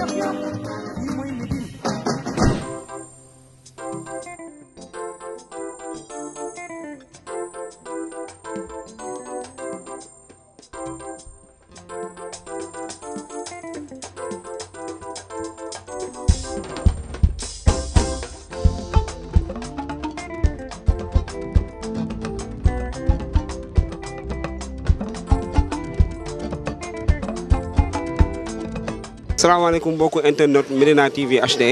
yëpp yëpp asalaamaaleykum mbokku internet Medina TV HD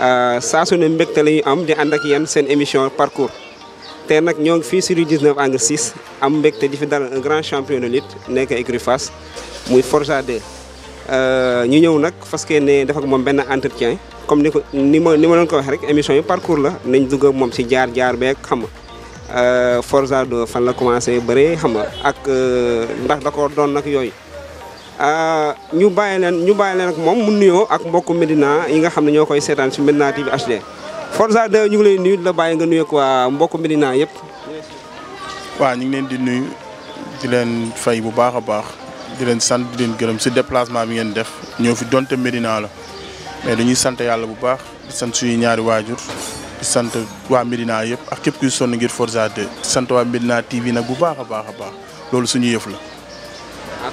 euh, saa su ne mbégte la ñu am di ànd ak yenn seen émission parcours. te nag ñoo ngi fii sur rue 19 angle 6 am mbégte di fi dal un grand champion de lutte nekk écurie muy Forza 2. Euh, ñu ñëw nag fas ne def ak moom benn entretien comme ni ko ni ma ni ma leen ko waxee rek émission yi parcours la nañ dugg ak moom si jaar jaar beek xam nga euh, Forza 2 fan la commencé bëree xam nga ak ndax da ko doon nag yooyu. Ah, ñu bàyyi leen ñu bàyyi moom mu nuyoo ak mbokk Medina yi nga xam ne ñoo koy seetaan si Medina TV HD Forza 2 ñu ngi lay nuyu la bàyyi nga nuyu ak waa mbokku Medina yëpp. waaw ñu ngi leen di nuyu di leen fay bu baax a baax di leen sant di leen gërëm si déplacement bi ngeen def ñoo fi donte Medina la mais dañuy sant yàlla bu baax di sant suñu ñaari waajur di sant waa Medina yëpp ak képp kuy sonn ngir Forza 2 sant waa Medina TV nag bu baax a baax a baax loolu suñu yëf la.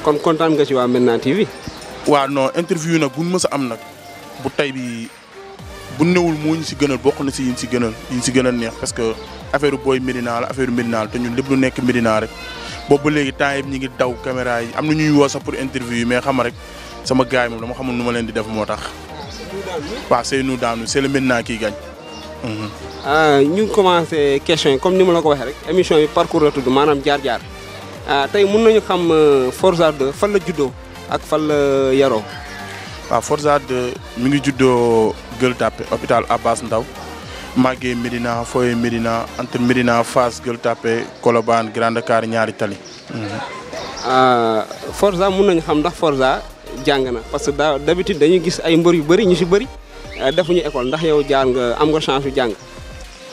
kon kontaan nga ci waa Médina TV. waaw non interview nag buñ mës a am nag bu tey bi bu newul moo ñu si gënal bokk na si yi ñu si gënal ñu si gënal neex parce que affaire booy Médina la affaire Médina la te ñu lépp lu nekk Médina rek boobu ba léegi temps ngi daw caméra yi am na ñuy woo pour interview mais xam rek sama gars yi moom dama xamul nu ma leen di def moo tax. waaw Seynou daanu c'est le ki kii gañ. ñu commencé question yi comme ni ma la ko waxee rek émission yi parcours la tudd maanaam jaar-jaar. Ah, tey mun nañu xam euh, forsa 2 fan la juddoo ak fan la euh, yaroo. waa forsa 2 mi ngi juddoo Gueule Tapée hôpital Abass Ndao màggee Médina Foye Médina entre Médina fas Gueule Tapée Colobane grande Dakar ñaari tali. Mhm. Ah, forsa mun nañu xam ndax forsa jàng na parce que daa d'habitude dañuy gis ay mbër yu bëri ñu si bëri euh, defuñu école ndax yow jàng nga am nga yu jàng.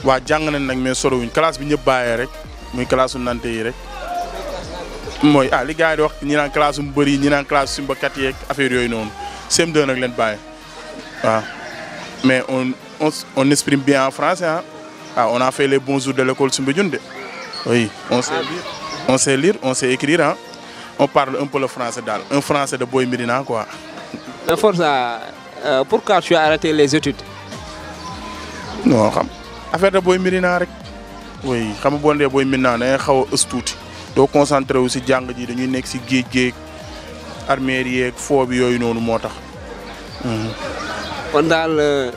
waaw jàng nañ nag mais solo wuñ classe bi ñëpp bàyyee rek muy classe su nante rek. mooy ah li gars yi di wax ñi naan classe mu bëri ñi naan classe simbakat yeeg affaire yooyu noonu CM2 nag leen bàyyi waaw mais on on on exprime bien en français ah ah on a fait les bons de l'école Soumbédioune de oui on ah, on sait lire on sait écrire on parle un peu français daal un français de Boy Médina quoi. Forza euh, pourquoi tu as arrêté les études. non xam affaire de Boy Médina rek oui xam nga boo nee Boy xaw a doo concentré wu si jàng ji dañuy nekk si géej géej armeer yeeg foo yooyu noonu moo tax. Mhm. kon daal euh,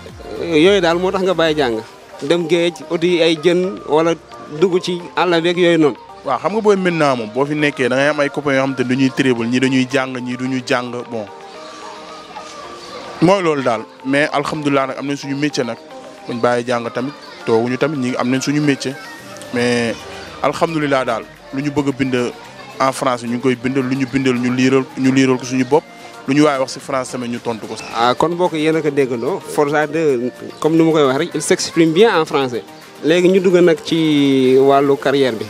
yooyu daal moo tax nga bàyyi jàng dem géej uti ay jën wala dugg ci àll beeg yooyu noonu. waaw xam nga booy maintenant moom boo fi nekkee da ngay am ay copains yoo xam te ne dañuy trébal ñii dañuy jàng ñii duñuy jàng bon mooy loolu daal mais alhamdulilah nag am nañ suñu métier nag buñ bàyyi jàng tamit tooguñu tamit ñi am nañ suñu métier mais alhamdulilah daal. lu ñu bëgg a bind en français ñu ngi koy bind lu ñu bindal ñu liiral ñu liiral ko suñu bopp lu ñu waaye wax si français tamit ñu tontu ko sax. ah kon boo ko yéen a ko déggandoo Forza 2 comme ni ma koy wax rek il s'exprime en français léegi ñu dugg nag ci wàllu carrière bi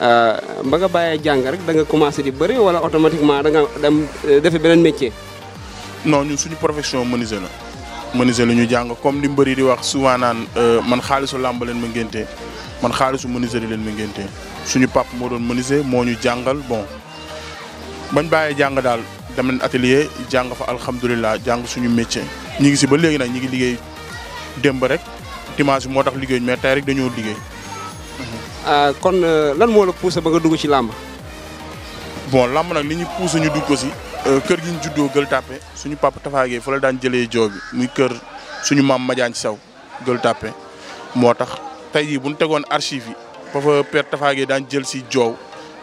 ah, ba bàyyee jàng rek da nga commencé di bëri wala automatiquement da dem euh, defi beneen métier. non suñu profession menuisier la menuisier la ñu jàng comme li mbëri di wax souvent naan euh, man xaalisu làmb leen ma ngéntee man xaalisu menuisier leen ma ngéntee suñu pap moo doon menuisier moo ñu jàngal bon bañ bàyyee jàng daal dem nañ atelier jàng fa alhamdulilah jàng suñu métier. ñu ngi si ba léegi nag ñu ngi liggéey démb rek dimanche moo tax liggéey mais tey rek dañoo liggéey. Ah, kon euh, lan moo la ba nga dugg ci làmb. bon làmb nag li ñu poussé ñu dugg si. Euh, kër gi ñu gël Gueule suñu papp tafaagee fa la daan jëlee joo bi muy kër suñu maam Madiagne Sow Gueule Tapée moo tax tey bu ñu tegoon archive yi. ba fa per Tafa daan jël si joow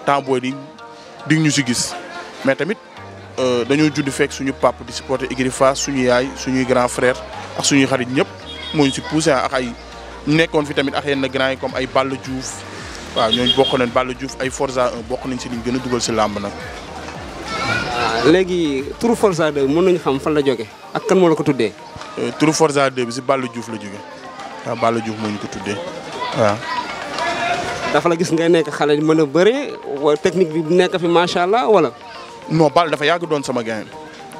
temps booy di di ñu si gis mais tamit euh, dañoo judd fekk suñu pap di supporter écurie Fass suñu yaay suñuy grand frère ak suñuy xarit ñëpp moo ñu si poussé ak ay nekkoon fi tamit a ak na grand yi comme ay la Diouf waa ñooñu bokk nañ Balla Diouf ay Forza 1 bokk nañ si liñ gën a dugal si làmb nag. waaw ah, léegi turu Forza 2 mën nañu xam fan la jóge ak kan la ko tuddee. Euh, turu Forza 2 si Balla Diouf la jóge waaw Balla Diouf moo ñu ko tuddee waaw. dafa la gis ngay nekk xale mën a bëre wala technique bi nekk fi macha allah wala. non Balla dafa yàgg doon sama gain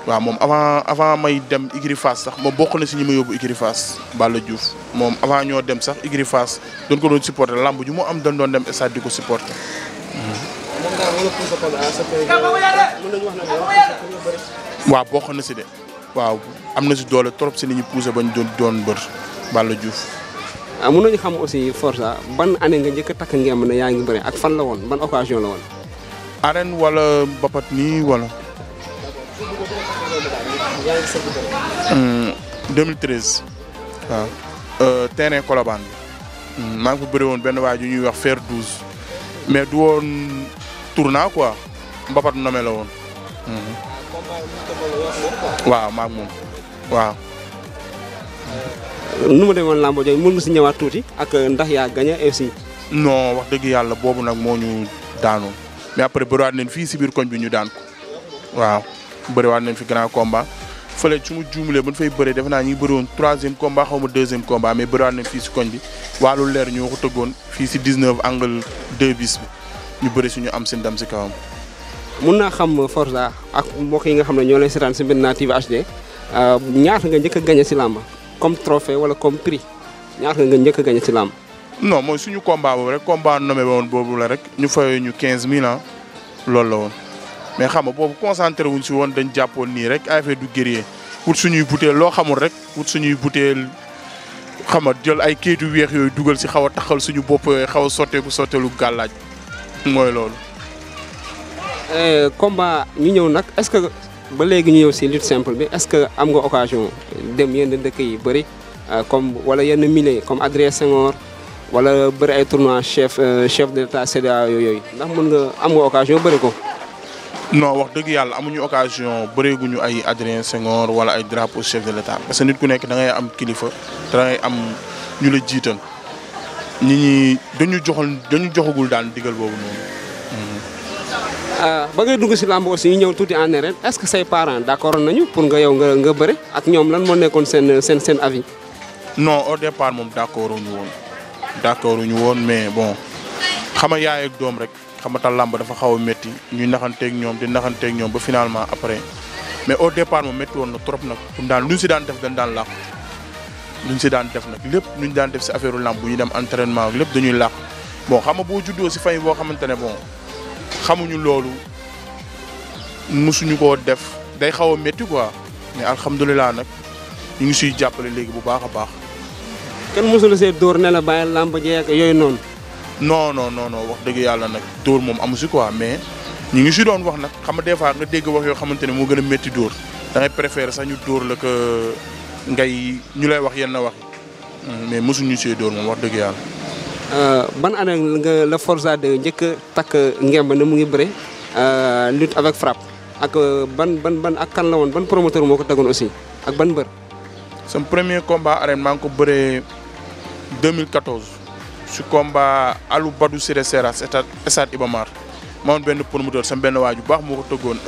waaw moom avant avant may dem Igri Fass sax moom bokk na si ñi ma yóbbu Igri Fass Balla juuf moom avant ñoo dem sax Igri Fass doon ko doon supporter lamb ju mu am dañ doon dem stade di ko supporter. waaw bokk na si de waaw am na si doole trop si ni ñu poussé ba ñu doon doon mbër Balla juuf ah mën nañu xam aussi Forza ah, ban année nga njëkk takk ngemb ne yaa ngi bëre ak fan la woon ban occasion la woon. arène wala mbapat nii wala. 2013 hmm, waaw. Euh, terrain Colobane bi. Hmm, ngi ko bëri woon benn waa ju ñuy wax faire 12. mais du woon tournant quoi mbapat nome la woon. Hmm. Ah, waaw maa moom waaw. nu ma demoon làmb jooju mën nga si ñëwaat tuuti ak euh, ndax yaa gagné si non wax dëgg yàlla boobu nag moo ñu daanu mais après bëriwaat nañ fii si biir koñ bi ñu daan ko waaw bëriwaat nañ fi grand combat fële su ma juumalee ba fay bëree defe naa ñu ngi bëri woon troisième combat xaw ma deuxième combat mais bëriwaat nañ fii si koñ bi wàllu leer ñoo ko tëggoon fii si 19 angle 2 bis bi ñu bëri ñu am seen ndam si kawam. mun naa xam forsa ak mbokk yi nga xam ne ñoo lay seetaan si Médina TV HD euh, ñaata nga njëkk gaña si làmba. comme trophée wala comme prix ñaata nga njëkk a gagné ci làmb. non mooy suñu combat boobu rek combat nommé woon boobu la rek ñu fayoo ñu 15000 ans ah, loolu la woon mais xam nga boobu concentré wuñ si woon dañ jàppoon nii rek affaire du guerrier pour suñuy butéel loo xamul rek pour suñuy butéel xam nga jël ay kayitu weex yooyu dugal si xaw a taxal suñu bopp yooyu xaw a sotteeku sotteelu gàllaaj mooy loolu. Eh, combat ñu ñëw nag est-ce que ba léegi ñu ñëw si lutte simple bi est-ce que am nga occasion dem yenn dëkk yi bëri euh, comme wala yenn milieu comme Adrien Senghor wala bëri ay tournoi euh, chef de l'état CEDEAO yooyu ndax mën nga am nga occasion bëri ko. non wax dëgg yàlla amuñu occasion bëreeguñu ay Adrien Senghor wala ay drapeau chef de l'état parce que nit ku nekk da ngay am kilifa da ngay am ñu la jiital ñi ñi dañu joxagul daal digal boobu noonu. Euh, ba ngay dugg si làmb ñu ñëw tuuti en arène est-ce que say parents d'accord nañu pour nga yow nga nga bëre ak ñoom lan moo nekkoon seen seen seen avis. non au départ moom d'accord ñu woon d'accord woon mais bon xam nga yaay ak doom rek xamata làmb dafa xaw a métti ñuy naxanteeg ñoom di naxanteeg ñoom ba finalement après mais au départ moom métti woon na trop nag lu ñu si daan def dañ daan làq lu ñu si daan def nag lépp lu ñu daan def si affaire làmb bu ñu dem entraînement ak lépp dañuy làq bon xam nga boo juddoo si fay boo xamante ne bon. xamuñu loolu musuñu koo def day xaw a métti quoi mais alhamdulilah nag ñu ngi suy jàppale léegi bu baax a baax. kenn mosul see dóor ne la bàyyi làmb jee ak yooyu noonu. non non non wax dëgg yàlla nag dóor moom amu si quoi mais ñu ngi si doon wax nag xam nga des fois nga dégg wax yoo xamante ne moo gën a métti dóor da ngay préférer sax ñu dóor la que ngay ñu lay wax yenn wax yi mm, mais mosuñu see dóor moom wax dëgg yàlla. Euh, ban année la forsa de njëkk takk ngemb ne mu ngi bëre euh, lutte avec frappe ak euh, ban ban ban ak kan la woon ban promoteur moo ko tegoon aussi ak ban mbër. sam premier combat arène maa ngi ko bëree 2014 su combat Alou Badou Siré Sera stade Iba Mar ma woon benn promoteur sam benn waay bu baax moo ko tëggoon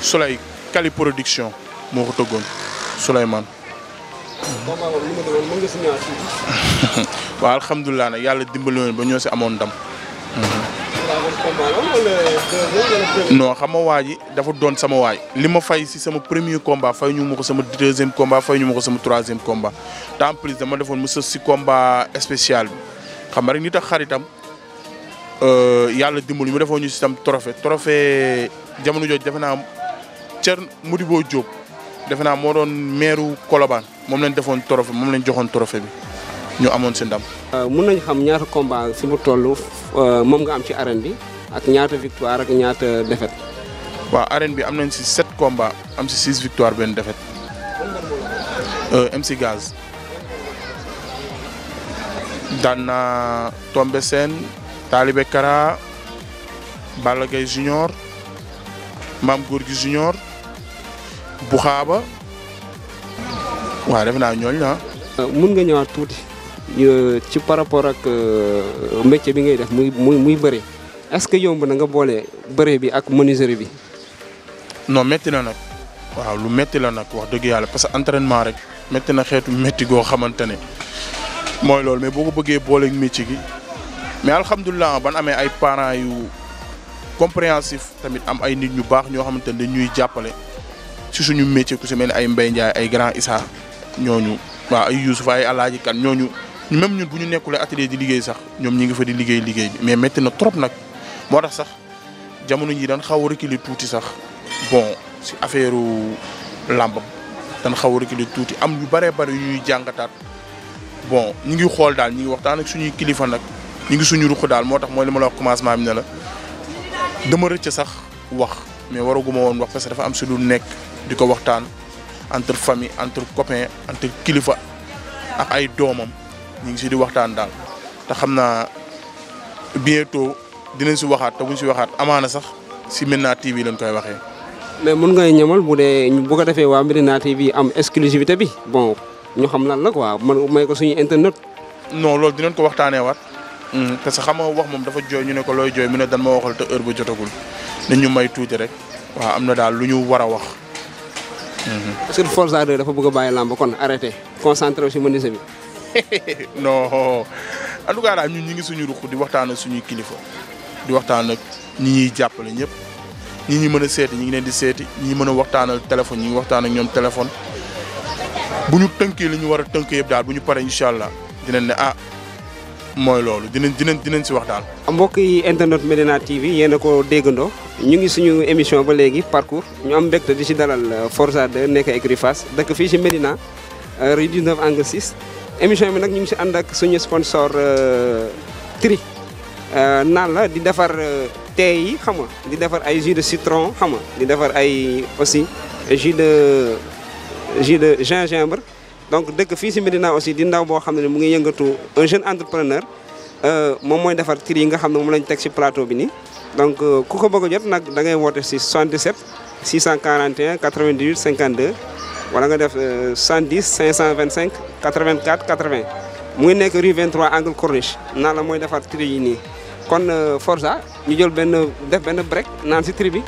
Soleil Kali production moo ko tëggoon Souleymane. combat boobu waaw alhamdulilah nag yàlla dimbali woon ba ñoo si amoon dam mhm. non xam nga waa ji dafa doon sama waay li ma fay si sama premier combat fay ñu ma ko sama deuxième combat fay ñu ma ko sama troisième komba te en dama defoon mu sës si combat spécial bi xam nga rek ni tax xaritam euh, yàlla dimbali mu defoon ñu si tam trophée trophée jamono jooju defe naa Thierno Modibo Diop. defe naa moo doon meeru Colobane moom lañ defoon trophée moom lañ joxoon trophée bi ñu amoon si ndam. Euh, mun nañ xam ñaata combat fi mu toll euh, moom nga am ci arène bi ak ñaata victoire ak ñaata défaite. waaw arène bi am nañ si sept combats am si six victoire benn defet euh, MC Gaz. daan naa Tombe Sène Talibe Kara Balla Gaye Junior Mame Gorgui Junior. bu Buxaaba waaw def naa ñooñ ah. mun nga ñëwaat tuuti ci par rapport ak euh, métier bi ngay def muy muy muy bëre est-ce que yomb na nga boole bëre bi ak menuiserie bi. non metti na nag waaw lu métti la nag wax dëgg yàlla parce que entraînement rek métti na xeetu métti goo xamante ne mooy loolu mais boo ko bëggee booleeg métier gi mais alhamdulilah ban amee ay parents yu compréhensif tamit am ay nit ñu baax ñoo xamante ne dañ ñuy jàppale. si suñu métier ku si mel ay Mbaye Ndiaye ay Grand Issa ñooñu waaw ay Youssouf ay Alaaji Kan ñooñu même ñun bu ñu nekkulee atelier di liggéey sax ñoom ñi ngi fa di liggéey liggéey mais métti na trop nag moo tax sax jamono ji dañ xaw a reculer tuuti sax bon si affaire làmbam dañ xaw a reculer tuuti am yu bëree bëri yu ñuy jàngataat bon ñu ngi xool daal ñu ngi waxtaan ak suñuy kilifa nag ñu ngi suñu ruq daal moo tax mooy li ma la wax commencement bi ne la dama rëcc sax wax mais waraguma woon wax parce que dafa am si lu nekk. di ko waxtaan entre famille entre copain entre kilifa ak ay doomam ñu ngi si di waxtaan daal te xam naa bientôt dinañ si waxaat te si waxaat amaana sax si Médina TV lañ koy waxee. mais mun ngay ñamal bu dee bu ko defee waa Médina TV am exclusivité bi bon ñu xam lan la quoi man may ko suñu internet. non loolu dinañ ko waxtaanee waat. Mm, te que xam nga wax moom dafa jooy ñu ne ko looy jooy mu ne dan ma waxal te heure ba jotagul nañ ñu may tuuti rek waaw am na daal lu ñu war a wax. Mm-hmm. est ce que Forza 2 dafa bëgg a bàyyi làmb kon arrêté concentré wu si menuisier bi. non en tout ñun ñu ngi suñu ruq di waxtaan suñuy kilifa di waxtaan ak ñi ñuy jàppale ñëpp ñi ñi mën a seeti ñi ngi leen di seeti ñi mën a waxtaanal téléphone ñi ngi waxtaan ak ñoom téléphone bu ñu tënkee li ñu war a tënk yëpp daal bu ñu paree incha allah dinañ ne ah mooy loolu dinañ dinañ dinañ si wax daal. mbokk yi internet Medina TV yéen ko déggandoo ñu ngi suñu émission ba léegi parcours ñu am mbégte di si dalal euh, Forza 2 nekk écurie Fass dëkk fii si Medina euh, rue 19 angle 6 émission bi nag ñu ngi si ànd ak suñu sponsor euh, Tri naan la di defar thé yi xam nga di defar ay jus de citron xam di defar ay aussi jus de jus de gingembre. donc dëkk fii si Médina aussi di ndaw boo xam ne mu ngi yëngatu un jeune entrepreneur euh, moom mooy defar kir yi nga xam ne moom lañ teg si plateau bi nii. donc euh, ku ko bëgg a jot nag da ngay woote si 77 641 98 52 wala nga def 110 525 84 80 mu ngi nekk rue 23 angle corniche naan la mooy defar tri yi nii kon euh, Forza ñu jël benn def benn break naan si bi.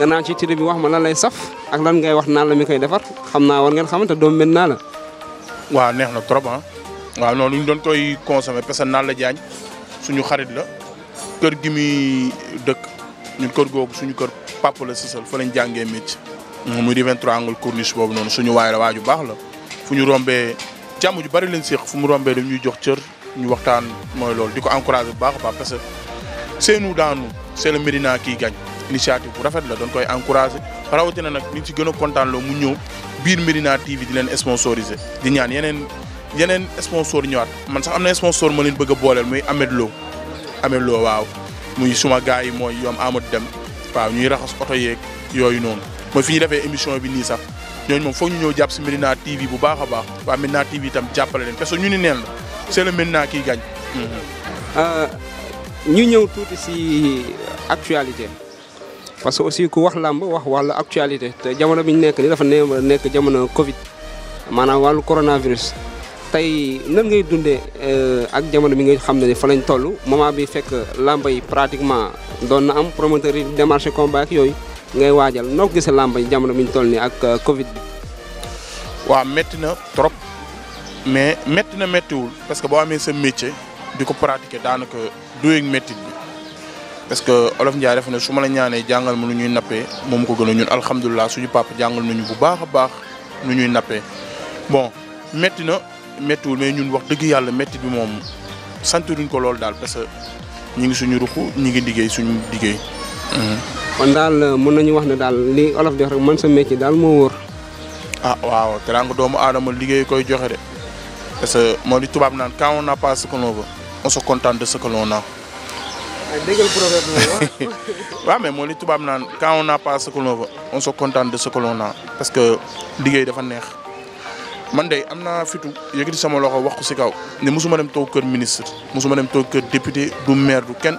nga naan ci télé bi wax ma lan lay saf ak lan ngay wax naan la mi koy defar xam naa war ngeen xamante doom mel naa la. waaw neex na trop ah. waaw noonu ñu doon koy consommer parce que naan la jaañ suñu xarit la kër gi muy dëkk ñu kër googu suñu kër papa si sisal fa lañu jàngee métier. mu di 23 angle corniche boobu noonu suñu waay la waa ju baax la fu ñu rombee jàmm ju bari leen séex fu mu rombee dañ ñuy jox cër ñu waxtaan mooy loolu di ko encouragé bu baax a baax parce que seenu daanu c'est le Médina kii gañ initiative bu rafet la doon koy encouragé rawatina nag ñu ci gën a kontaan loo mu ñëw biir Medina TV di leen sponsorisé di ñaan yeneen yeneen sponsor ñëwaat man sax am na sponsor ma leen bëgg a booleel muy Amed Lo Amed Lo waaw muy suma gars yi mooy yoom Amadou Dem waaw ñuy raxas oto yeeg yooyu noonu mooy fi ñu defee émission bi nii sax ñooñu moom foog ñu ñëw jàpp si Medina TV bu baax a baax waa Medina TV itam jàppale leen parce que ñu ni neen la c'est le Medina kiy gañ euh, ñu ñëw tuuti si actualité parce que aussi ku wax làmb wax wàllu actualité te jamono bi ñu nekk ni dafa ne nekk jamono Covid maanaam wàllu coronavirus tey nan ngay dundee euh, ak jamono bi nga xam ne fa lañ toll moment bi fekk làmba yi pratiquement doon na am promoteur yi démarché combat ak yooyu ngay waajal noo ko gisee làmba yi jamono bi ñu toll nii ak euh, Covid bi. waaw métti na trop mais métti na méttiwul parce que boo amee sa métier di ko pratiquer daanaka duyeeg métti bi. parce que olof Ndiaye dafa ne su ma la ñaanee jàngal ma nu ñuy nappee moom ko gën a ñun alhamdulilah suñu papa jàngal nañu bu baax a baax nu ñuy nappee bon métti na méttiwul mais ñun wax dëgg yàlla métti bi moom santuruñ ko loolu daal parce que ñu ngi suñu ruq ñu ngi liggéey suñu liggéey. Mm-hmm. kon daal euh, mën nañu wax ne daal li olof di rek man sa métier daal moo wóor. ah waaw teraanga doomu aadama liggéey koy joxe de parce que moo di tubaab naan quand on n'a pas ce que de ce que l'on a. déggal proverbe waaw mais mooy li tubaab naan quand on n'a pas ce que on se contente de ce naa l'on parce que liggéey dafa neex man de am naa fitu yëkkati sama loxo wax ko si kaw ne mosuma dem toog kër ministre mosuma dem toog kër député du maire du kenn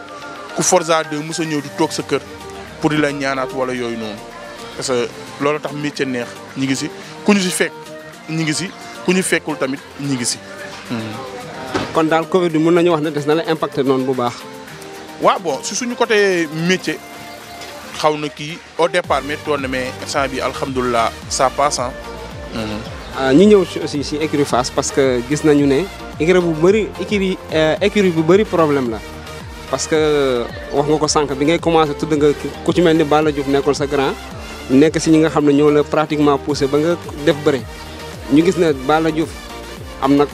ku Forza 2 mos a ñëw du toog sa kër pour di la ñaanaat wala yooyu noonu parce que loolu tax mi ci neex ñi ngi si ku ñu si fekk ñi ngi si ku ñu fekkul tamit ñi ngi si. Hmm. kon daal Covid bi mën nañu wax na des na la impacté bu baax. waaw bon si suñu côté métier xaw na kii o départ métti woon na mais instant bi alhamdulilah ça passe mhm. ah. ñu ñëw ci aussi si écurie Fass parce que gis nañu ne écurie bu bëri écurie euh, écurie bu bëri problème la parce que wax nga ko sànq bi ngay commencé tudd nga ku ci mel ni Balla Diouf nekkoon sa grand nekk si ñi nga xam ne ñoo la pratiquement poussé ba nga def bëri ñu gis ne Balla juuf am na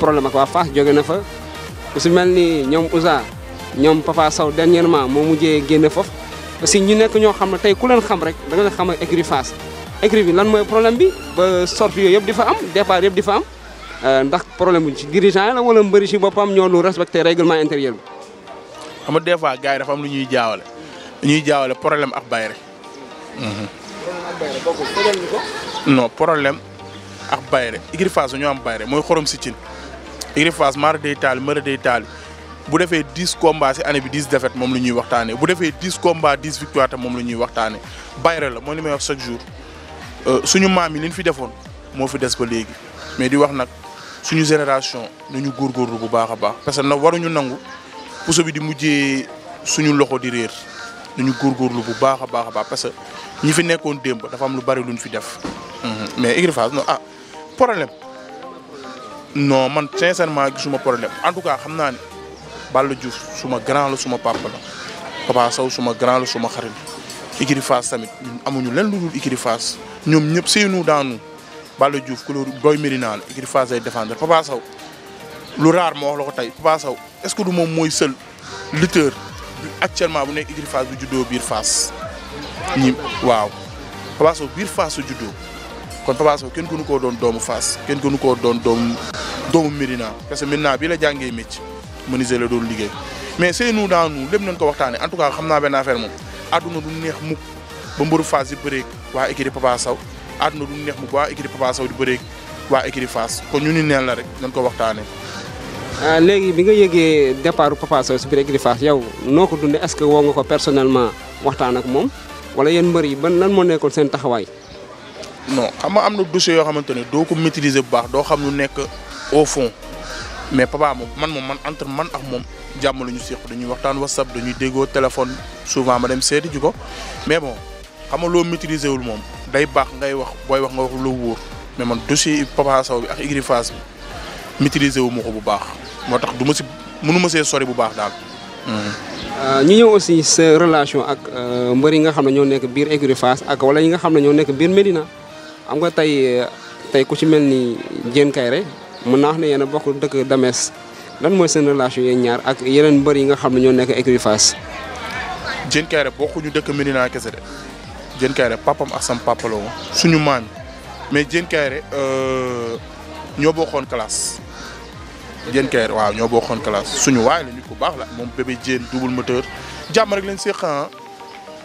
problème ak waa Fass jóge na fa ku si mel ni ñoom Ousa ñoom Papa saw dernièrement moo mujjee génne foofu parce que ñu nekk ñoo xam na tey ku leen xam rek da nga leen xam ak écurie Fass écurie bi lan mooy problème bi ba sortie yooyu yëpp di fa am départ yëpp di fa am euh, ndax problème bu ci dirigeant yi la wala mbëri ci boppam ñoo lu respecté règlement intérieur bi. xam nga des fois gars yi dafa am lu ñuy jaawale. ñuy jaawale problème ak bayre. problème mhm. ak problème ak bayre écurie Fass ñoo am bayre mooy xorom si cin écurie Fass mara day taal mara day bu defee dix combats si bi dix defet moom la ñuy waxtaanee bu defee dix combats dix victoire tam moom la ñuy waxtaanee bayre la mooy li may wax chaque jour euh, suñu maam yi li ñu fi defoon moo fi des ba léegi mais di wax nag suñu génération nañu góorgóorlu bu baax a baax. parce que na waruñu nangu puso bi di mujjee suñu loxo di réer nañu góorgóorlu bu baax a baax a baax parce que ñi fi nekkoon démb dafa am lu bari luñ fi def. Mhm. mais Igri Fass non ah problème non man sincèrement gisuma problème en tout cas xam naa ne Balla Diouf suma grand la suma papa la Papa Sow suma grand la suma xarit Ikiri Fass tamit amuñu lenn lu dul Ikiri Fass ñoom ñëpp seenu daanu Balla Diouf couleur booy Médina la Ikiri Fass ay défendre Papa lu raar ma wax la ko tey Papa Sow est-ce que du moom mooy seul lutteur actuellement bu nekk Ikiri Fass bu juddoo biir Fass ñi waaw Papa biir Fass su juddoo kon Papa kenn gënu koo doon doomu Fass kenn gënu koo doon doomu doomu Médina parce que Médina bii la jàngee métier menuisier la doon liggéey mais c'est nous dans nous lépp nañ ko waxtaanee en tout cas xam naa benn affaire moom àdduna du neex mukk ba mbëru Fass di bëreeg waa écurie Papa Sow àdduna du neex mukk ba waa écurie Papa Sow di bëreeg waa écurie Fass kon ñu ni neen la rek nañ ko waxtaanee. Ah, léegi bi nga yëgee départ Papa Sow si biir écurie Fass yow noo ko dundee est que woo nga ko personnellement waxtaan ak moom wala yéen mbër yi ban lan moo nekkoon seen taxawaay. non xam nga am na dossier yoo xamante ne doo ko maîtriser bu baax doo xam lu nekk au fond. mais papa moom man moom man entre man ak moom jàmm lu ñu séq dañuy waxtaan whatsapp dañuy déggoo téléphone souvent ma dem seeti ji ko mais bon xam nga loo maîtriser wul moom day baax ngay wax booy wax nga wax lu wóor mais man dossier papa Sow bi ak Igri Fass bi maîtriser wu ma ko bu baax moo tax du ma si mënu ma see sori bu baax daal. Euh, ñu ñëw aussi sa relation ak euh, mbër yi nga xam ne ñoo nekk biir Écurie Fass ak wala yi nga xam ne ñoo nekk biir Medina xam nga tey euh, tey ku ci mel ni Diène Kairé mën naa wax ne yéen a bokk dëkk Dames lan mooy seen relation yéen ñaar ak yeneen mbër yi nga xam ne ñoo nekk écurie Fass. Diène Kaïré bokkuñu dëkk Medina kese de Diène Kaïré papam ak sam papa suñu maam mais Diène Kaïré euh, ñoo bokkoon classe. Diène Kaïré waaw ñoo bokkoon classe suñu waay la ku baax la moom bébé Diène double moteur jàmm rek lañ seq ah.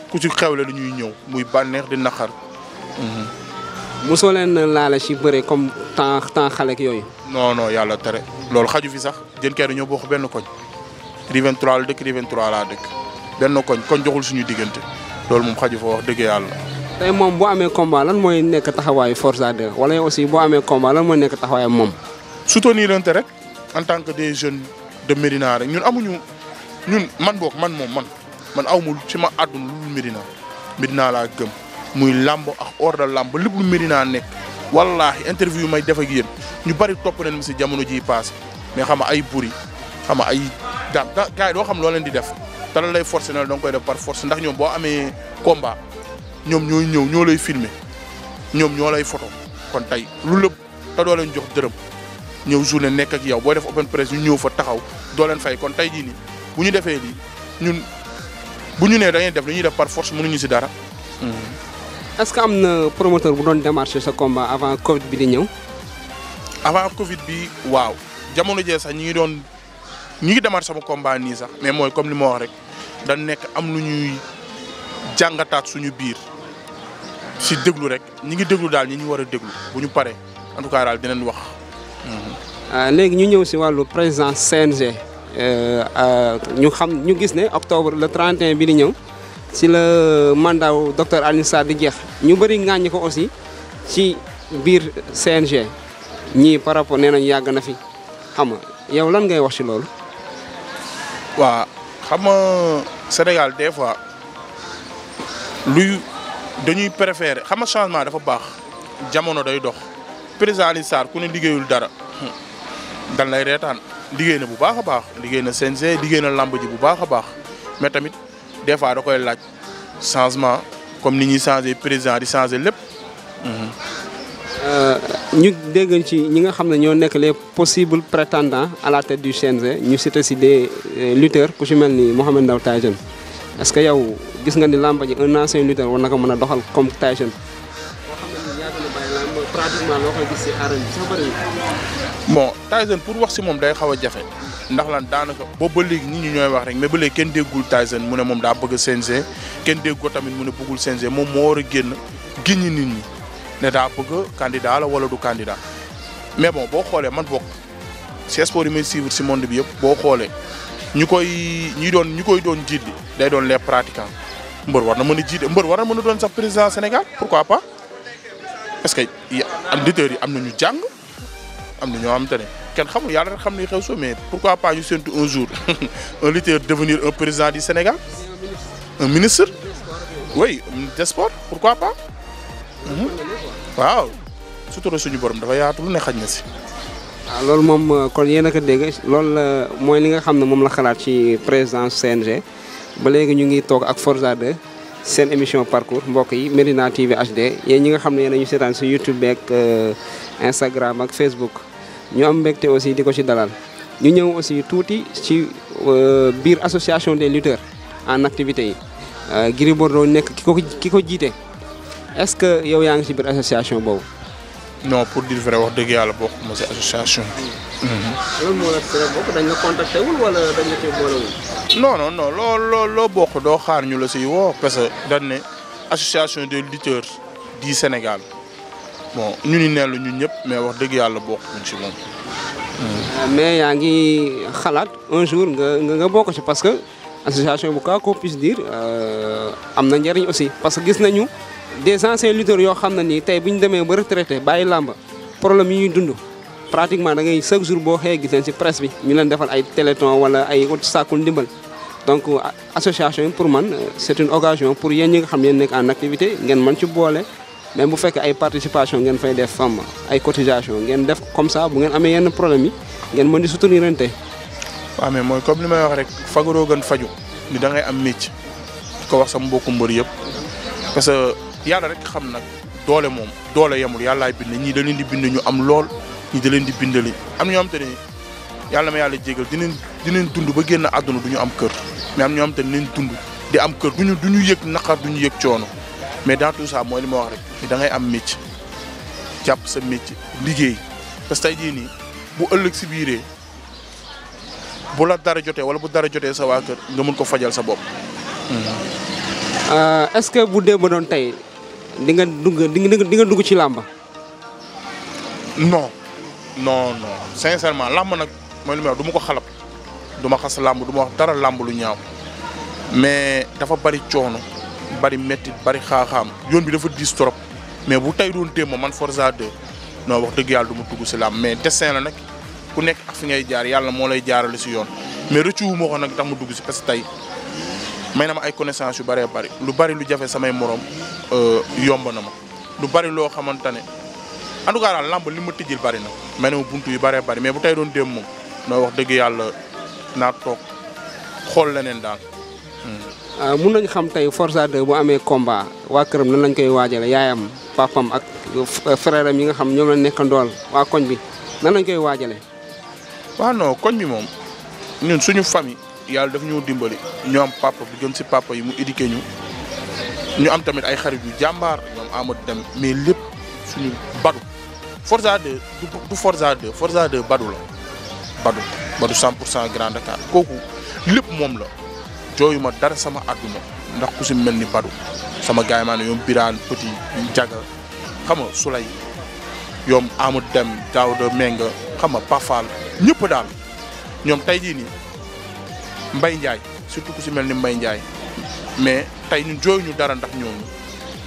ku ci xewle lu ñuy ñëw muy bànneex di naqar. Mhm. mosoo leen laale si bëre comme temps temps xale yooyu. non non yàlla tere loolu xaju fi sax jën kër ñoo bokk benn koñ Riven 3 la dëkk Riven 3 laa dëkk benn koñ koñ joxul suñu diggante loolu moom xaju fa wax dëgg yàlla. tey moom boo amee combat lan mooy nekk taxawaayu Forza 2 wala yow aussi boo amee combat lan mooy nekk taxawaayu moom. te rek en tant que des jeunes de Médina rek ñun amuñu ñun man boog man moom man man aw ma ci ma àdduna lu Médina Médina laa gëm muy làmb ak hors de làmb lépp lu Médina nekk. wallaahi interview may def ak yéen ñu bari topp nañ ma si jamono ji paas mais xam nga ay buri xam nga ay daan da gars yi doo xam loo leen di def te la lay forcer na la danga koy def par force ndax ñoom boo amee combat ñoom ñooy ñëw ñoo lay filmer ñoom ñoo lay photo kon tey lu lépp te doo leen jox ñëw journée nekk ak yow booy def open press ñu ñëw fa taxaw doo leen fay kon tey jii nii bu ñu defee lii ñu bu ñu nee dañuy def li ñuy def par force munuñu si dara. est-ce que am na promoteur bu doon démarché sa combat avant Covid bi di ñëw. avant Covid bi waaw jamono jee sax ñi ngi doon ñi ngi démarché sama combat nii sax mais mooy comme li ma wax rek dañ nekk am lu ñuy jàngataat suñu biir si déglu rek ñi ngi déglu daal ñi ñu war a déglu bu ñu paree en tout cas daal dinañ wax. Euh, léegi ñu ñëw si wàllu président CNG euh, euh, ñu xam ñu gis ne octobre le 31 bi di ñëw. si la mandat docteur Alioune di jeex ñu bëri ŋàññi ko aussi ci biir CNG ñii par rapport nee nañ yàgg na fi xam nga yow lan ngay wax si loolu. waa xam nga Sénégal des fois luy dañuy préférer xam nga changement dafa baax jamono day dox président Alioune Sarr ku ne liggéeyul dara dan lay reetaan liggéey na bu baax a baax liggéey na CNG liggéey na làmb ji bu baax a baax mais des fois da koy laaj changement comme ni ñuy changer président di changé lépp. Euh, ñu dégg ci ñi nga xam ne ñoo nekk les possibles prétendants à la tête du ñu cité si des euh, lutteurs ku ci mel ni Mouhamed Ndao Tyson est-ce que yow gis nga ni làmba ji un ancien lutteur war na ko mën a doxal comme Tyson. bon Tyson pour wax si moom day xaw a jafe ndax lan daanaka boobu ba léegi nit ñu ñooy wax rek mais ba léegi kenn déggul Tyson mu ne moom daa bëgg a kenn dégg ko tamit mu ne bëggul CNG moom moo war a génn giññi nit ñi ne daa bëgg candidat wala du candidat mais bon boo xoolee man bokk si sport yi may suivre si monde bi yëpp boo xoolee ñu koy ñi doon ñu koy doon jiit day doon les pratiquants mbër war na mën a jiite mbër war na mën a doon sax président Sénégal pourquoi pas parce que auditeurs yi am na ñu jàng. am na ñoo xam te ne kenn xamul yàlla rek xam ni xew soo mais pourquoi pas ñu séntu un jour un lutteur devenir un président du Sénégal un ministre oui des sports mhm. waaw sutura suñu borom dafa yaatu lu ne xaj na si waaw ah, loolu moom euh, kon yéen a ko loolu la euh, mooy li nga xam ne moom la xalaat ci présidence CNG ba léegi ñu ngi toog ak forsa 2 seen émission parcours mbokk yi Medina TV HD yéen ñi nga xam ne yéen a ñu seetaan si YouTube beeg. Euh, Instagram ak Facebook ñu am mbégte aussi di ko ci dalal ñu ñëw aussi tuuti ci euh, biir association des lutteurs en activité yi euh, Gris Bordeaux nekk ki ko ki ko jiite est-ce que yow yaa ngi ci biir association boobu. non pour dire vrai wax dëgg yàlla bokkuma hmm. moo la tere bokk dañ la loo bokk doo xaar ñu la siy parce que dañ association des lutteurs di Sénégal. bon ñu ni nellu ñun ñëpp mais wax dëgg yàlla bokkuñ si moom. mais yaa ngi xalaat un jour nga nga bokk ci parce que association bu kaa ko puisse dire euh, am na njëriñ aussi parce que gis nañu des anciens lutteurs yoo xam ne ni tey bu ñu demee ba retraité bàyyi làmba problème yi ñuy dund pratiquement da ngay chaque jour boo xëyee gis leen ci presse bi ñu leen defal ay téléthon wala ay sàkkul ndimbal donc association pour man euh, c'est une occasion pour yéen ñi nga xam ne yéen nekk ngeen mën ci boole. mais bu fekkee ay participation ngeen fay def femme ay cotisation ngeen def comme ça bu ngeen amee yenn problème yi ngeen mën di soutenirante. waaw mais mooy comme ni may wax rek fagaroo gën faju ni da ngay am métier ko wax sama mbokku mbër yëpp parce que yàlla rek xam nag doole moom doole yemul yàllaay bind ñii da leen di bind ñu am lool ñii da leen di bindali am ñoo am te ne yàlla ma yàlla jégal dinañ dinañ dund ba génn àdduna du ñu am kër mais am ñoo xam te ne dund di am kër du ñu du ñu yëg naqar du ñu yëg coono. mais dans tout ça mooy li ma wax rek da ngay am métier jàpp sa métier liggéey parce que jii nii bu ëllëg si biiree bu la dara jotee wala bu dara jotee sa waa nga mën ko fajal sa bopp. Euh, est-ce que bu dee ba doon tey di nga dugg di nga dugg ci làmb non non non sincèrement làmb nag mooy li ma wax du ma ko xalab du ma xas làmb du ma wax dara làmb lu ñaaw mais dafa bari coono. bari métti bari xaaxaam yoon bi dafa diis trop mais bu tey doon téem man Forza 2 noo wax dëgg yàlla du ma tugg si laam mais destin la nag ku nekk ak fi ngay jaar yàlla moo lay jaarale si yoon mais rëccu wu ma ko nag tax ma dugg si parce que tey may na ma ay connaissance yu bëree bari lu bëri lu jafe samay morom euh, yomb na ma lu bëri loo xamante ne en tout làmb li ma tijjil bëri na may na ma buntu yu bëree bari mais bu tey doon déem moom noo wax dëgg yàlla naa toog xool leneen daal Euh, mun nañu xam tey Forza 2 bu amee combat waa këram nan lañ koy waajalee yaayam papam ak euh, euh, frère yi nga xam ñoom la nekk waa koñ bi nan lañ koy waajale waaw non koñ bi moom ñun suñu famille yàlla daf ñu dimbali ñoom am papa bu gën si papa yi mu éduqué ñu ñu am tamit ay xarit yu jàmbaar ñoom Amadou Deme mais lépp suñu badu Forza 2 du Forza 2 Forza 2 badu la badu badu pour cent Grand Dakar kooku lépp moom la. jooyu ma dara sama àdduna ndax ku si mel ni Badou sama gaay maa ne yoom Birane Petit Ndiaga xam nga Souley yoom Amadou Dem Daouda Menga xam nga Pafal ñëpp daal ñoom tey jii nii Mbaye Ndiaye surtout ku si mel ni mbay Ndiaye mais tey ñu jooyu ñu dara ndax ñooñu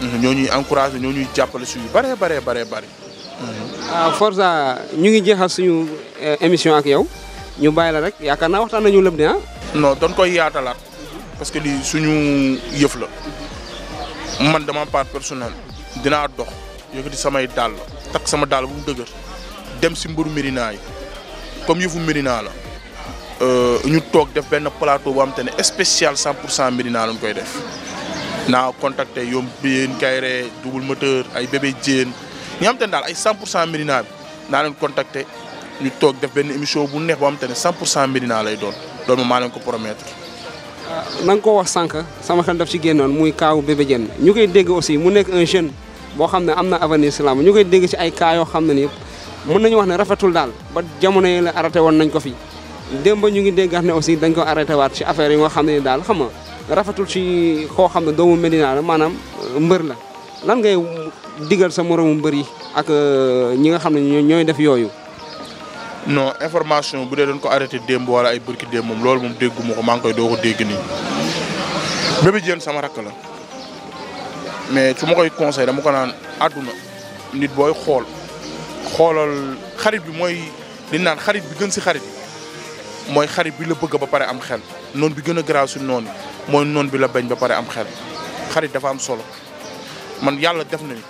mhm, ñoo ñuy encouragé ñoo ñuy jàppale si yu bëree bëree bëree bëri ah ñu ngi jeexal suñu euh, émission ak yow ñu bàyyi la rek yaakaar naa waxtaan nañu lëb ne ah non doon koy yaatalaat parce que lii suñu yëf la man dama part personnel dinaa dox yëkkati samay dàll takk sama dàll bu mu dëgër dem si mbaru Médina yi comme yëfu Médina la euh, ñu toog def benn plateau boo xam te ne spécial 100 pour cent Médina lañ koy def naa contacter yom Biène Kayre double moteur ay bébé Diène ñi xam te daal ay 100 pour cent Médina bi naa leen contacter ñu toog def benn émission bu neex boo xam te ne 100 pour cent Médina lay doon loolu ma maa leen ko promettre. na nga ko wax sànq sama xel daf ci génnoon muy kaaw Bébé Diène ñu koy dégg aussi mu nekk un jeune boo xam ne am na avenir si làmb ñu koy dégg ci ay kaa yoo xam ne ni mën nañu wax ne rafetul daal ba jamono yi la arrêté woon nañ ko fi ba ñu ngi dégg ne aussi dañ ko arrêté waat ci affaire yi nga xam ne ni daal xam nga rafetul ci koo xam ne doomu Medina la maanaam mbër la lan ngay digal sa moromu mbër yi ak euh, ñi nga xam ne ñooy def yooyu. non information bu dee doon ko arrêté démb wala ay bërki démb moom loolu moom dégguma ko maa ngi koy doo ko dégg nii Bébé Diène la mais su ma koy conseil dama ko naan àdduna nit booy xool xoolal xarit bi mooy li naan xarit bi gën si xarit mooy xarit bi la bëgg ba pare am xel noonu bi gën a garaaw si noon mooy noonu bi la bañ ba pare am xel xarit dafa am solo man yàlla def na ni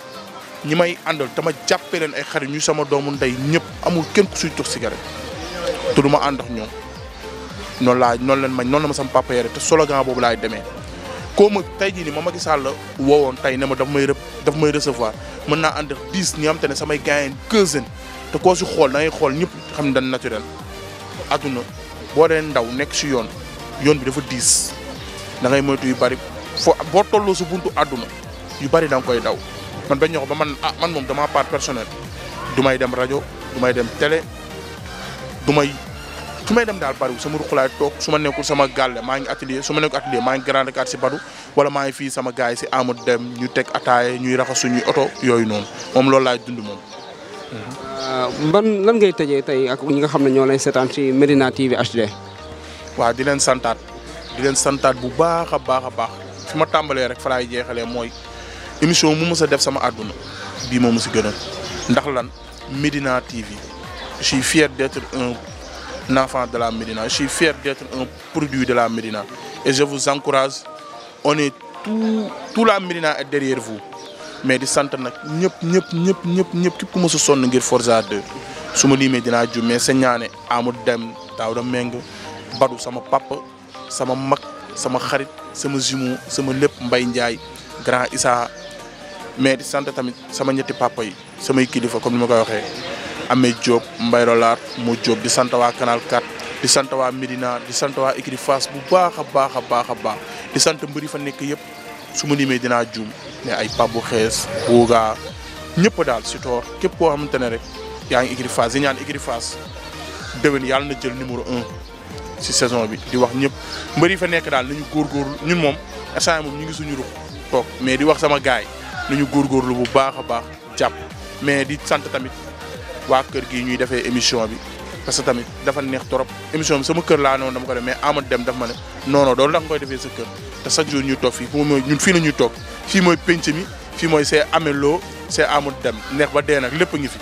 ñi may àndal te ma jàppee leen ay xarit ñu sama doomu ndey ñëpp amul kenn ku suy tux cigarette te du ma ànd ak ñoom noonu laa noonu leen mañ noonu la ma sama papa yare te slogan boobu laay demee. koo ma tey jii nii ma Macky Sall la woowoon tey ne ma daf may daf may recevoir mën naa ànd ak dix am te ne samay gaayen quinzaine te koo si xool da xool ñëpp xam ne dañ naturel adduna boo dee ndaw nekk si yoon yoon bi dafa diis dangay ngay moytu yu bari foo boo tolloo si buntu àdduna yu bari da nga koy daw. man bañ ñoo ba man ah man moom dama part personnel du may dem rajo du may dem télé du may su may dem daal bariwul sama ruqulaay toog su ma nekkul sama gàlle maa ngi atelier su ma nekkul atelier maa ngi Grand Dakar si Badu wala maa ngi fii sama gars yi si Amadou dem ñu teg ataaye ñuy raxas suñuy oto yooyu noonu moom loolu laay dund moom. Euh, ban lan ngay tëjee tey ak ñi nga xam ne ñoo lay seetaan si Medina TV HD. waa di leen santaat di leen santaat bu baax a baax a baax fi ma tàmbalee rek fa laay jeexalee mooy. émission mu mës def sama àdduna bii moom si gënal ndax lan Médina TV je suis fier d'être un enfant de la Médina u suis fier d'être un produit de la Médina et je vous encourage tout la Médina est derrière mais di sant nag ñëpp ñëpp ñëpp ñëpp ñëpp képp ku mës a sonn ngir Forza 2 su ma limee dinaa jum mais sa ñaane amul dem daaw da méng badu sama papa sama mag sama xarit sama jumeau sama lépp mbay Ndiaye grand Issa mais di sant tamit sama ñetti papa yi samay kilifa comme ni ma koy waxee Amé Diop Mbayro Laar mu Diop di sant waa Canal 4 di sant waa Médina di sant waa écurie Fass bu baax a baax a baax baax di sant mbër yi fa nekk yëpp su ma limee dinaa juum mais ay pap bu xees wuugaa ñëpp daal si toor képp koo xamante ne rek yaa ngi écurie Fass di ñaan écurie Fass déwén yàlla na jël numéro un si saison bi di wax ñëpp mbër yi fa nekk daal nañu góorgóorlu ñun moom instant moom ñu ngi suñu ruq toog mais di wax sama gaay nañu góorlu bu baax a baax jàpp mais di sant tamit waa kër gi ñuy defee émission bi parce que tamit dafa neex trop émission bi sama kër laa noonu dama ko def mais Amad Dem dafa ma ne non non loolu da nga koy defee sa kër te chaque jour ñuy toog fii mooy ñun fii la ñuy toog fii mooy penc mi fii mooy c'est Ameloo c'est Amad Dem neex ba dee nag lépp ngi fi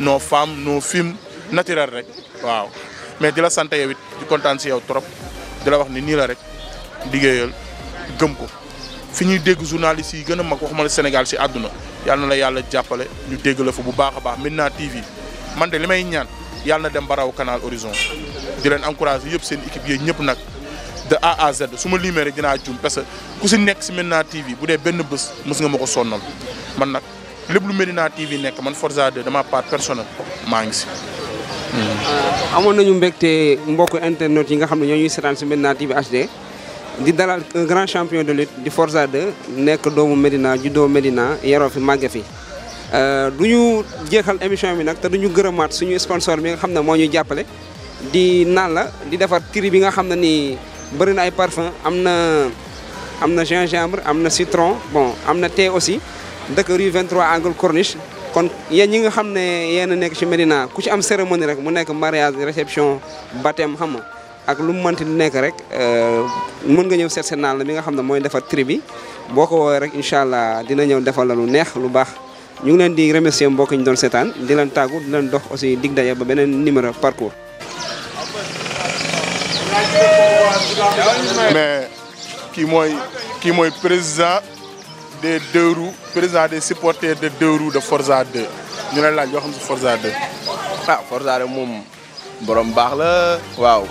nos femmes nos films naturel rek waaw mais di la sant yow it di kontaan si yow trop di la wax ne nii la rek liggéeyal gëm ko. fi ñuy dégg journaliste yi gën a mag waxuma la Sénégal si àdduna yàlla na la yàlla jàppale ñu dégg la fa bu baax a baax Médina TV man de li may ñaan yàlla na dem baraw canal horizon di leen encouragé yëpp seen équipe yooyu ñëpp nag de A à Z su ma limee rek dinaa juum parce que ku si nekk si Médina TV bu dee benn bës mës nga ma ko sonnal man nag lépp lu Médina TV nekk man Forza 2 dama part personnel maa ngi si. Hmm. amoon nañu mbégte mbokk internet yi nga xam ne ñoo ñuy seetaan si Médina TV HD. di dalal un grand champion de lutte di forsa 2 nekk doomu Medina juddoo Medina yaroo fi màgge fi euh, du ñu jeexal émission bi nag te du ñu gërëmaat suñu sponsor bi nga xam ne moo ñuy jàppale di naan la di defar tiri bi nga xam ne nii bëri na ay parfum am na am na gingembre am na citron bon am na thé aussi dëkk rue 23 angle corniche kon yéen ñi nga xam ne yéen a nekk ci Medina ku ci am cérémonie rek mu nekk mariage réception baptême xam ak lu mu mënti nekk rek euh, mën nga ñëw seet seen naan la mi nga xam ne mooy defar tri bi boo ko woowee rek incha allah dina ñëw defal la lu neex lu baax ñu ngi leen di remercier mbokk ñu doon seetaan di leen tàggu di aussi dig daje ba beneen numéro parcours. mooy kii mooy président des deux roues président des supporters de deux de Forza 2 ñu ne laaj yoo xam si Forza 2. ah Forza 2 moom borom baax la waaw.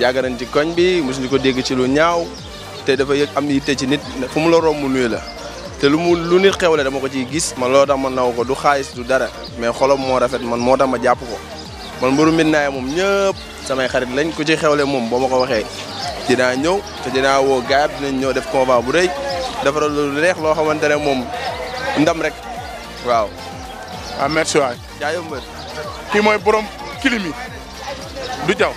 yàgg nañ ci koñ bi mosuñu ko dégg ci lu ñaaw te dafa yëg am yitte ci nit fu mu la romb nuyu la te lu mu lu nit xewle dama ko ci gis ma loo tax ma naw ko du xaalis du dara mais xolam moo rafet man moo tax ma jàpp ko man mbaru Médina moom ñëpp samay xarit lañ ku ci xewle moom boo ma ko waxee dinaa ñëw te dinaa woo gaayab dinañ ñëw def combat bu rëy dafa lu neex loo xamante ne moom ndam rek waaw ah merci waay jaayoo mbër kii mooy borom kilimi du jaw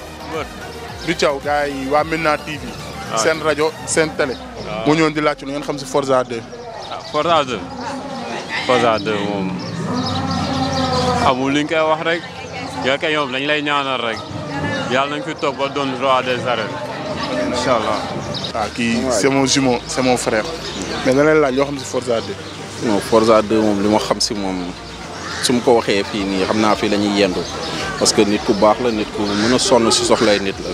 du caw gars yi waa Médina TV. Ah. seen rajo seen télé. moo ah. mu ñëwoon di laajte lu ngeen xam si Forza 2. ah Forza 2. Forza 2 moom li nga koy wax rek yaa kay ñoom dañ lay ñaanal rek yàlla nañ koy toog ba doon roi des arènes. incha allah. waaw ah, kii c'est mon jumeau c'est mon frère. mais lan lay laaj loo xam si Forza 2. non Forza 2 moom li ma xam si moom su ma ko waxee fii nii xam naa fii lañuy ñuy yendu parce que nit ku baax la nit ku mën a sonn si soxlay nit la.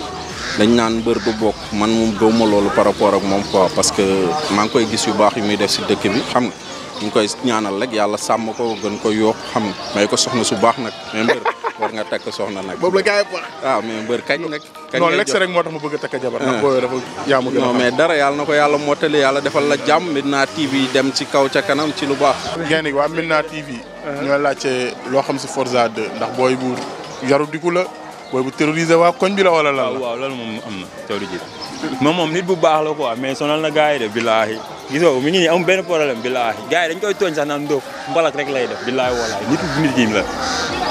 dañ naan mbër du bokk man moom gëwma loolu par rapport ak moom quoi parce que maa ngi koy gis yu baax yu muy def si dëkk bi xam nga ñu koy ñaanal rek yàlla sàmm ko gën ko yokk xam nga may ko soxna su baax nag mais mbër war nga takk soxna nag. boobu la gars yi wax. Ah, waaw mais mbër kañ nag. kañ non lekk rek moo tax ma bëgg a takk jabar. ndax booyoo dafa yaa ma gën a non mais dara yàlla na ko yàlla mottali yàlla defal la jàmm Medina TV dem ci kaw ca kanam ci lu baax. ngeen di waa Medina TV. Uh-huh. ñoo laajte loo xam si Forza 2 ndax booy bu yaru diku la booy bu terrorisé waa koñ bi wala lan la. waaw waaw loolu moom am na. moom moom nit bu baax la quoi mais sonal na gars yi de gisoo ko mi ngi nii amul benn problème billaahi gars yi dañ koy tooñ sax naan ndóof mbalak rek lay def billaahi wallaahi nit nit yi la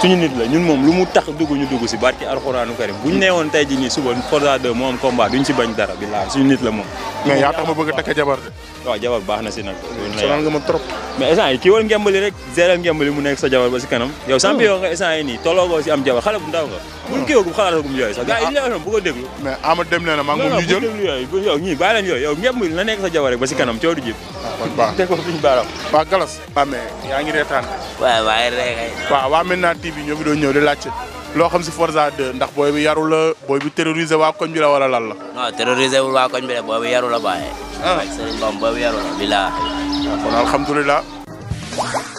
suñu nit la ñun moom lu mu tax dugg ñu dugg si barki alxuraanu karim buñ nee woon tey ji nii suba Forza 2 moo am combat duñ si bañ dara billaahi suñu nit la moom mais yaa tax ma bëgg a takk jabar de waaw jabar baax na si nag sonal nga ma trop mais instant yi kii woon ngembali rek géral ngembali mu nekk sa jabar ba si kanam oh. yow champion nga instant yi nii tolloogoo si am jabar xale bu ndaw nga oh. buñ kiiwagum xalaatagum yooyu sax gars yi la bu ko déglu mais ama dem nee na maa ngi moom ñu jël yooyu yow ñii bàyyi leen yooyu yow ngembali na nekk sa jabar rek ba si kanam jooju ji. waaw ah, waaw teg ko suñu baaraam. waaw Galas. waaw mais yaa ngi reetaan. waaw waaye reekay. waaw waa maintenant TV ñoo ngi doon ñëw di laajte loo xam si Forza 2 ndax booy bi yaru la booy bi terrorisé waa koñ bi la wala lan la. non terrorisé wul waa koñ bi booy bi yaru la bàyyee.